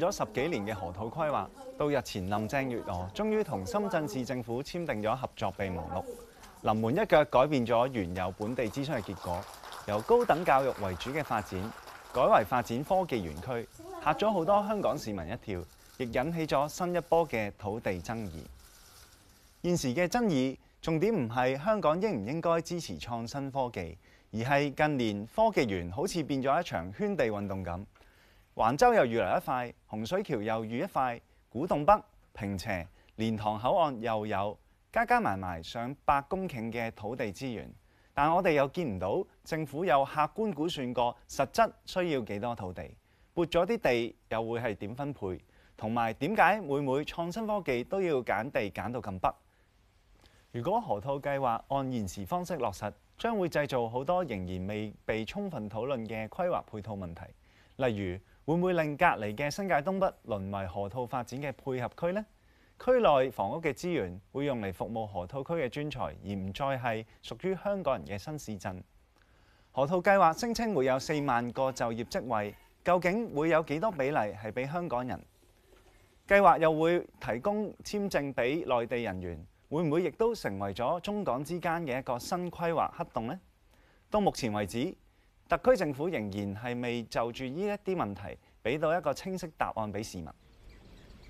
咗十幾年嘅河套規劃，到日前林鄭月娥終於同深圳市政府簽訂咗合作備忘錄，臨門一腳改變咗原有本地支出嘅結果，由高等教育為主嘅發展改為發展科技園區，嚇咗好多香港市民一跳，亦引起咗新一波嘅土地爭議。現時嘅爭議重點唔係香港應唔應該支持創新科技，而係近年科技園好似變咗一場圈地運動咁。環洲又預留一塊洪水橋，又預一塊古洞北平斜蓮塘口岸，又有加加埋埋上百公頃嘅土地資源，但我哋又見唔到政府有客觀估算過實質需要幾多土地，撥咗啲地又會係點分配，同埋點解每每創新科技都要揀地揀到咁北？如果河套計劃按現時方式落實，將會製造好多仍然未被充分討論嘅規劃配套問題，例如。會唔會令隔離嘅新界東北淪為河套發展嘅配合區呢？區內房屋嘅資源會用嚟服務河套區嘅專才，而唔再係屬於香港人嘅新市鎮。河套計劃聲稱會有四萬個就業職位，究竟會有幾多比例係俾香港人？計劃又會提供簽證俾內地人員，會唔會亦都成為咗中港之間嘅一個新規劃黑洞呢？到目前為止，特區政府仍然係未就住呢一啲問題，俾到一個清晰答案俾市民。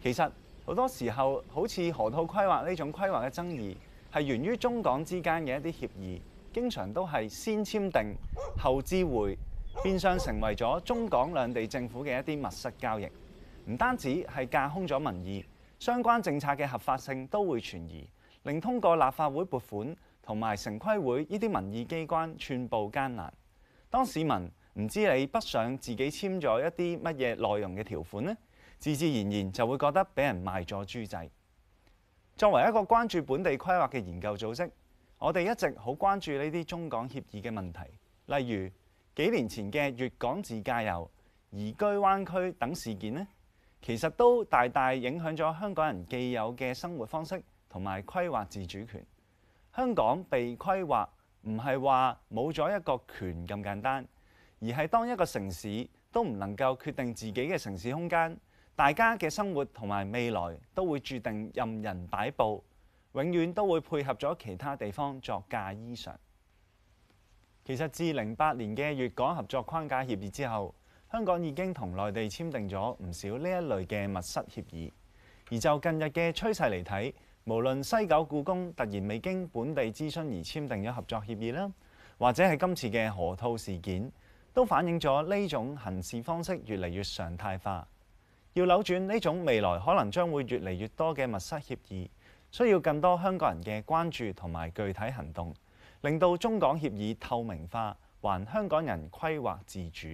其實好多時候，好似河套規劃呢種規劃嘅爭議，係源於中港之間嘅一啲協議，經常都係先簽訂後知會，變相成為咗中港兩地政府嘅一啲密室交易。唔單止係架空咗民意，相關政策嘅合法性都會存疑，令通過立法會撥款同埋城規會呢啲民意機關寸步艱難。當市民唔知你不想自己簽咗一啲乜嘢內容嘅條款呢，自自然然就會覺得俾人賣咗豬仔。作為一個關注本地規劃嘅研究組織，我哋一直好關注呢啲中港協議嘅問題，例如幾年前嘅粵港自駕遊、移居灣區等事件呢，其實都大大影響咗香港人既有嘅生活方式同埋規劃自主權。香港被規劃。唔係話冇咗一個權咁簡單，而係當一個城市都唔能夠決定自己嘅城市空間，大家嘅生活同埋未來都會注定任人擺布，永遠都會配合咗其他地方作嫁衣裳。其實自零八年嘅粵港合作框架協議之後，香港已經同內地簽訂咗唔少呢一類嘅密室協議，而就近日嘅趨勢嚟睇，無論西九故宮突然未經本地諮詢而簽訂咗合作協議啦，或者係今次嘅河套事件，都反映咗呢種行事方式越嚟越常態化。要扭轉呢種未來可能將會越嚟越多嘅密室協議，需要更多香港人嘅關注同埋具體行動，令到中港協議透明化，還香港人規劃自主。